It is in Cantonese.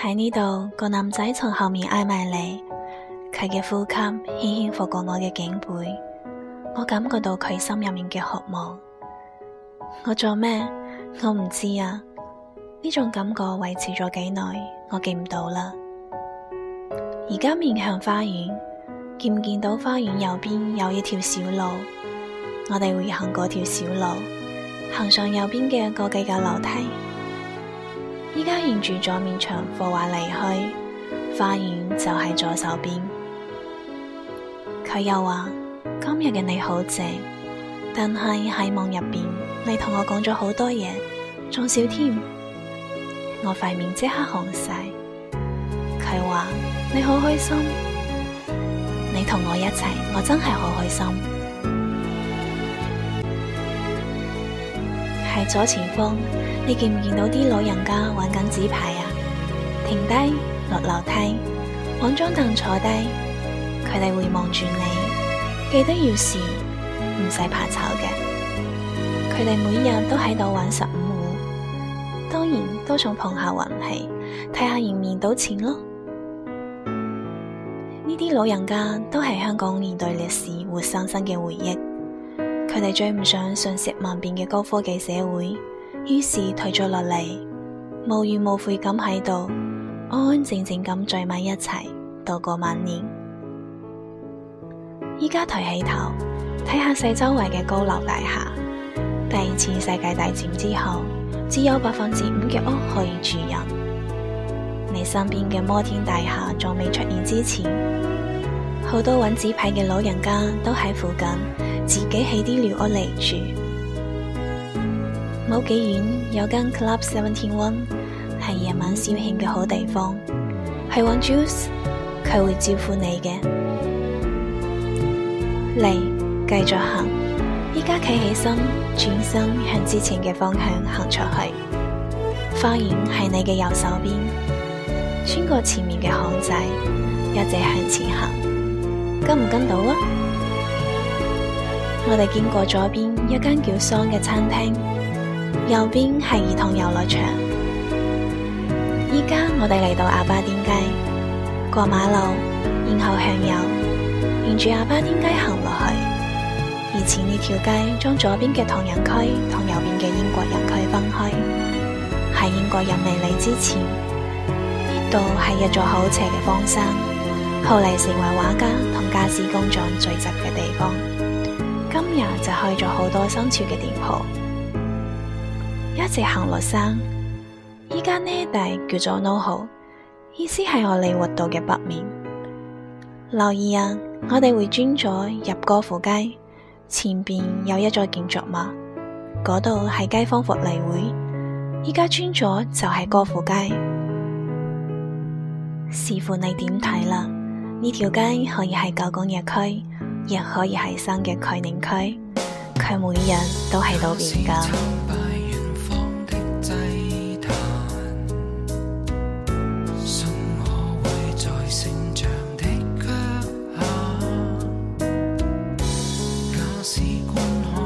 喺呢度，個男仔從後面挨埋嚟，佢嘅呼吸輕輕拂過我嘅頸背，我感覺到佢心入面嘅渴望。我做咩？我唔知啊。呢種感覺維持咗幾耐，我記唔到啦。而家面向花園，見唔見到花園右邊有一條小路？我哋會行過條小路，行上右邊嘅嗰幾格樓梯。而家沿住左面牆幅畫離開，花園就喺左手邊。佢又話今日嘅你好靜，但係喺夢入邊，你同我講咗好多嘢，仲笑添。我塊面即刻紅晒。佢話你好開心，你同我一齊，我真係好開心。係左前方，你見唔見到啲老人家玩緊紙牌啊？停低落樓梯，往張凳坐低，佢哋會望住你，記得要笑，唔使怕醜嘅。佢哋每日都喺度玩十五胡，當然都想碰下運氣，睇下贏唔贏到錢咯。呢啲老人家都係香港現代歷史活生生嘅回憶。佢哋追唔上瞬息萬變嘅高科技社會，於是退咗落嚟，無怨無悔咁喺度，安安靜靜咁聚埋一齊，度過晚年。依家抬起頭睇下四周圍嘅高樓大廈，第二次世界大戰之後，只有百分之五嘅屋可以住人。你身邊嘅摩天大廈仲未出現之前。好多玩紙牌嘅老人家都喺附近，自己起啲寮屋嚟住。冇幾遠有間 Club Seventeen One，係夜晚消遣嘅好地方。係揾 Joles，佢會招呼你嘅。嚟，繼續行。依家企起身，轉身向之前嘅方向行出去。花園喺你嘅右手邊，穿過前面嘅巷仔，一直向前行。跟唔跟到啊？我哋經過左邊一間叫 song 嘅餐廳，右邊係兒童遊樂場。依家我哋嚟到鴨巴甸街，過馬路然後向右，沿住鴨巴甸街行落去。以前呢條街將左邊嘅唐人區同右邊嘅英國人區分開。喺英國人未嚟之前，呢度係一座好斜嘅荒山。後嚟成為畫家同家私工匠聚集嘅地方，今日就開咗好多新潮嘅店鋪。一直行落山，而家呢一帶叫做 NoHo，意思係荷李活道嘅北面。留意啊，我哋會轉左入歌賦街，前邊有一座建築物，嗰度係街坊福利會，而家轉左就係歌賦街，視乎你點睇啦。呢條街可以係舊工業區，亦可以係新嘅概念區，佢每日都喺度變緊。